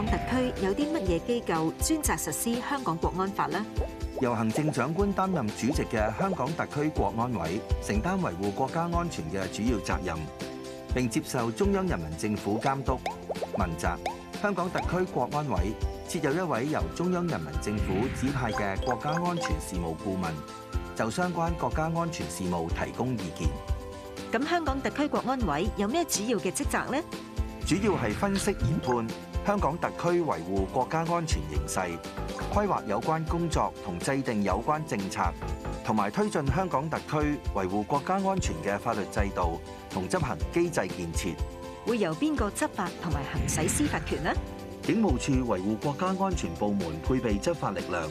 香港特區有啲乜嘢機構專責實施香港國安法呢？由行政長官擔任主席嘅香港特區國安委承擔維護國家安全嘅主要責任，並接受中央人民政府監督問責。香港特區國安委設有一位由中央人民政府指派嘅國家安全事務顧問，就相關國家安全事務提供意見。咁香港特區國安委有咩主要嘅職責呢？主要係分析研判。香港特區維護國家安全形勢，規劃有關工作同制定有關政策，同埋推進香港特區維護國家安全嘅法律制度同執行機制建設。會由邊個執法同埋行使司法權呢？警務處維護國家安全部門配備執法力量，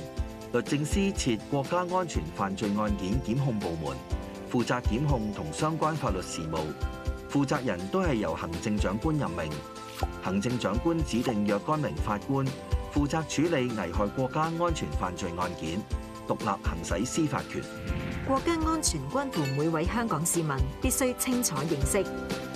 律政司設國家安全犯罪案件檢控部門，負責檢控同相關法律事務。負責人都係由行政長官任命，行政長官指定若干名法官，負責處理危害國家安全犯罪案件，獨立行使司法權。國家安全關乎每位香港市民，必須清楚認識。